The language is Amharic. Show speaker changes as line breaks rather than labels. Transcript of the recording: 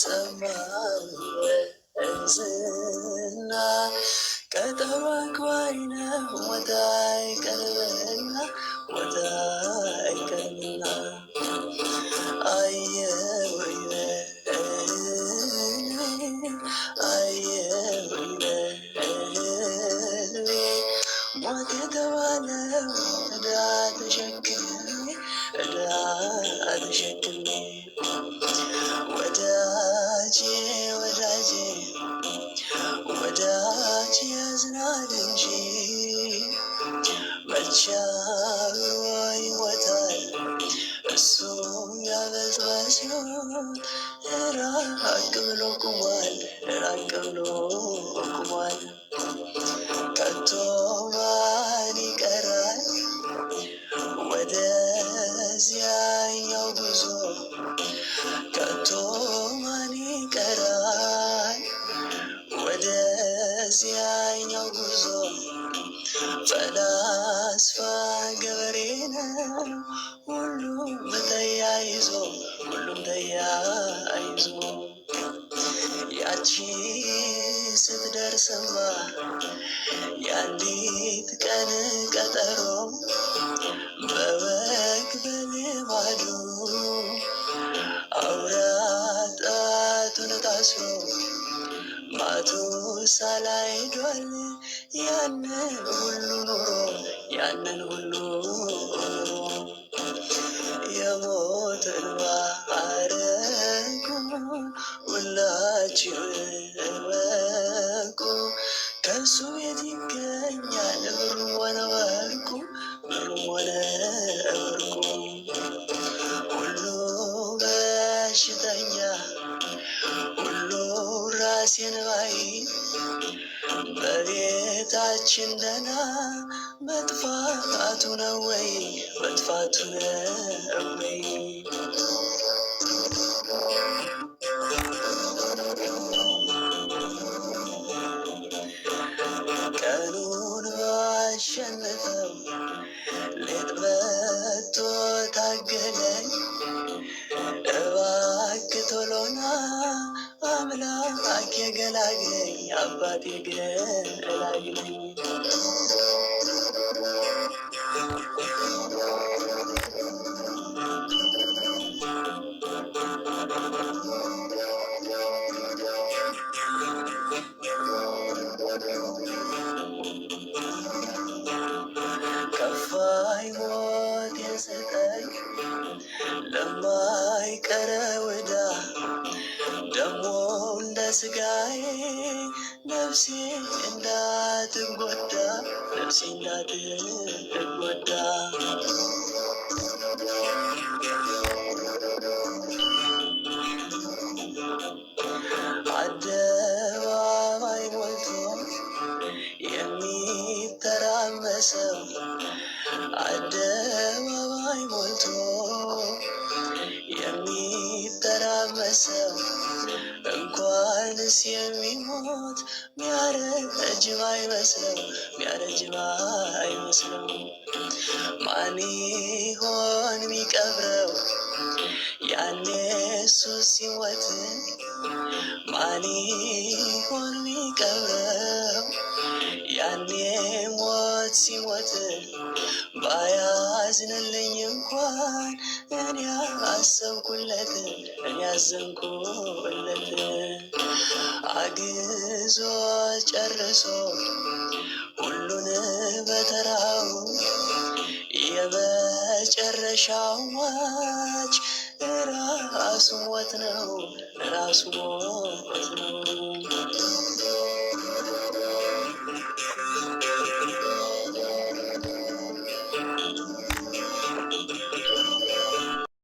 ሰማይ እዝና ቀጠባግባይነ ወዳይ ቀርበና ወዳይ ቀርበና አየ ወይነ አየ ወይነ ሞት የተባለ ዕዳ ተሸክሜ ዕዳ ተሸክሜ ይሻል ይወጣል እሱም ያለዛሲሆን ራቅ ብሎ ቁሟል፣ ራቅ ብሎ ቁሟል ከቶ ሁሉም ተያይዞ ሁሉም ተያይዞ ያቺ ስትደርስማ የአንዲት ቀን ቀጠሮ በበግ በልማዱ አውራ ጣቱን ታስሮ ማቱ ሳላይዷል ያንን ያንን ሁሉ የሞትን ባረኩ ሁላችሁ እወቁ ከእሱ የት ይገኛል ብሩም ሆነ ወርቁ ብሩም ሆነ ወርቁ ሁሉ በሽተኛ ሁሉ ራሴን ባይ በቤታችን ደህና መጥፋቱ ነው ወይ መጥፋቱ ነው ወይ ቀኑን ባሸነፈው ሌት መጥቶ ታገለኝ እባክህ ቶሎና አምላክ የገላግለኝ አባት የገላግለኝ ለስጋዬ ነፍሴ እንዳትጎዳ ነፍሴ እንዳትጎዳ ቢያንስ የሚሞት ሚያረጅ አይመስልም ሚያረጅ አይመስልም። ማን ይሆን ሚቀብረው ያኔ እሱ ሲሞት? ማን ይሆን ሚቀብረው ያኔ ሞት ሲሞት? ባያዝንልኝ እንኳን እኔ አሰብኩለት እኔ አዘንኩለት። አግዞ ጨርሶ ሁሉን በተራው የመጨረሻው ዋጭ ራሱ ሞት ነው፣ ራሱ ሞት ነው።